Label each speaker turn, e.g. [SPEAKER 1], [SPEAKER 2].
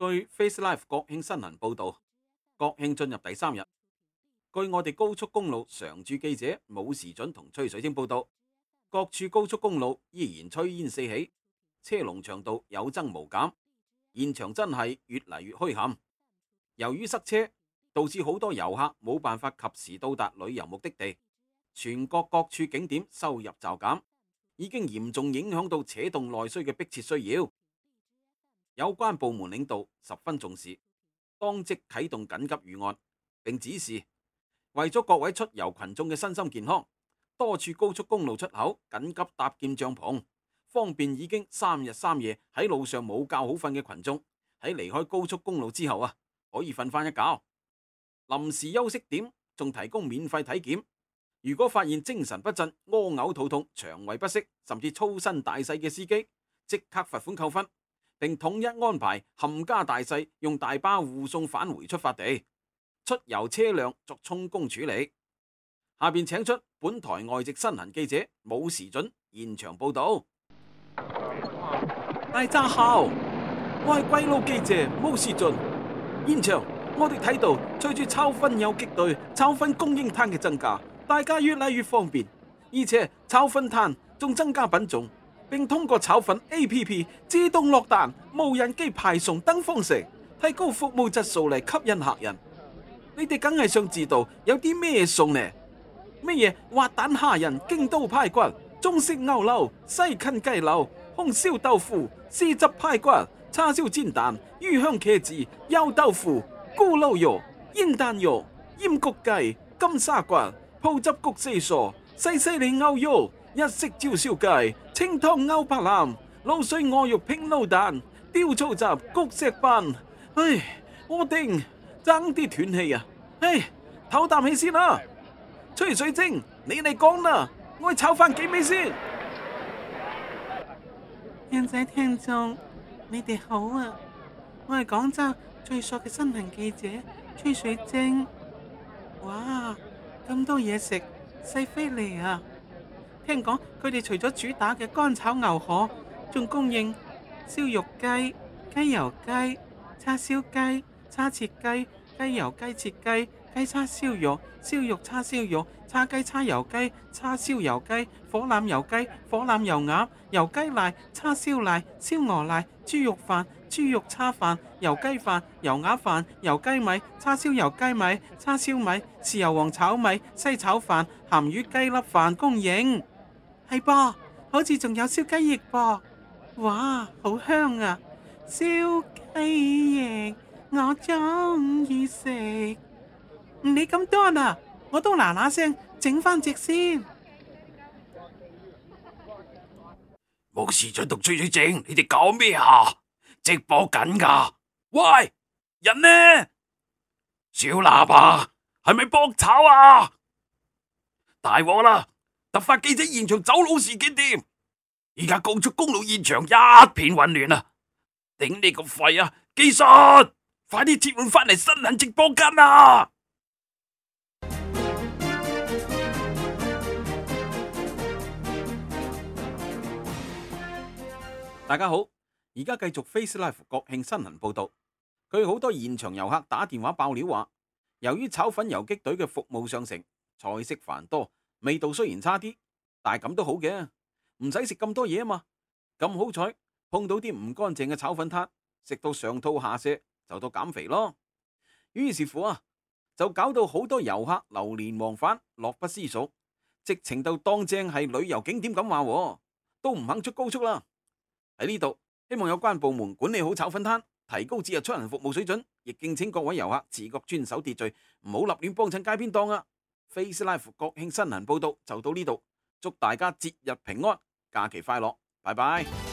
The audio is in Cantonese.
[SPEAKER 1] 據 Face.Live 國慶身痕報道，國慶進入第三日，據我哋高速公路常駐記者武時隼同崔水晶報道，各處高速公路依然炊煙四起，車龍長度有增冇減，現場真係越嚟越墟冚。由於塞車，導致好多遊客冇辦法及時到達旅遊目的地，全國各處景點收入驟減，已經嚴重影響到扯動內需嘅迫切需要。有關部門領導十分重視，當即啟動緊急預案，並指示，為咗各位出遊群眾嘅身心健康，多處高速公路出口緊急搭建帳篷，方便已經三日三夜喺路上冇覺好瞓嘅群眾，喺離開高速公路之後啊，可以瞓翻一覺。臨時休息點仲提供免費體檢，如果發現精神不振、屙嘔、肚痛、腸胃不適，甚至粗身大細嘅司機，即刻罰款扣分。並統一安排冚家大細用大巴護送返回出發地，出遊車輛作充公處理。下便請出本台外籍身痕記者武時隼現場報道。大家好，我係鬼佬記者冇時準。現場我哋睇到，隨住炒粉遊擊隊、炒粉供應攤嘅增加，大家越嚟越方便，而且炒粉攤仲增加品種。並通過炒粉 APP 自動落單、無人機派送等方式，提高服務質素嚟吸引客人。你哋梗係想知道有啲咩餸呢？乜嘢滑蛋蝦仁、京都排骨、中式牛柳、西芹雞柳、紅燒豆腐、豉汁排骨、叉燒煎蛋、魚香茄子、油豆腐、咕嚕肉，肉、煙蛋肉、鹽焗雞、金沙骨、葡汁焗四蔬、西西里牛肉。日式照燒雞、清湯牛白腩、滷水鵝肉拼滷蛋、刁草汁焗石斑。唉，我頂，爭啲斷氣啊！唉，唞啖氣先啦。吹水晶，你嚟講啦，我去炒翻幾味先。
[SPEAKER 2] 靚仔聽眾，
[SPEAKER 1] 你哋好啊！我係廣州
[SPEAKER 2] 最索嘅身痕記者吹水晶。哇，咁多嘢食，犀飛利啊！聽講佢哋除咗主打嘅乾炒牛河，仲供應燒肉雞、雞油雞、叉燒雞、叉切雞、雞油雞切雞、雞叉燒肉、燒肉叉燒肉、叉雞叉油雞、叉燒油雞、火腩油雞、火腩油鴨、油雞瀨、叉燒瀨、燒鵝瀨、豬肉飯、豬肉叉飯、油雞飯、油鴨飯、油雞米、叉燒油雞米、叉燒米、豉油皇炒米、西炒飯、鹹魚雞粒飯供應。係噃，好似仲有燒雞翼噃，哇，好香啊！燒雞翼我中意食，唔理咁多啦，我都嗱嗱聲整翻隻先。
[SPEAKER 3] 冇時準同吹水晶，你哋搞咩啊？直播緊噶？喂，人呢？小喇叭係咪博炒啊？大鑊啦！突發記者現場走佬事件添，而家高速公路現場一片混亂啊！頂你個肺啊！技術快啲切換翻嚟，身痕直播間啊！
[SPEAKER 1] 大家好，而家繼續 Face.Live 國慶身痕報道。據好多現場遊客打電話爆料話，由於炒粉游擊隊嘅服務上乘，菜式繁多。味道雖然差啲，但係咁都好嘅，唔使食咁多嘢啊嘛！咁好彩碰到啲唔乾淨嘅炒粉攤，食到上吐下瀉就當減肥咯。於是乎啊，就搞到好多遊客流連忘返，樂不思蜀，直情就當正係旅遊景點咁話喎，都唔肯出高速啦。喺呢度，希望有關部門管理好炒粉攤，提高節日出行服務水準，亦敬請各位遊客自覺遵守秩序，唔好立亂幫襯街邊檔啊！Face.Live 國慶身痕報道就到呢度，祝大家節日平安，假期快樂，拜拜。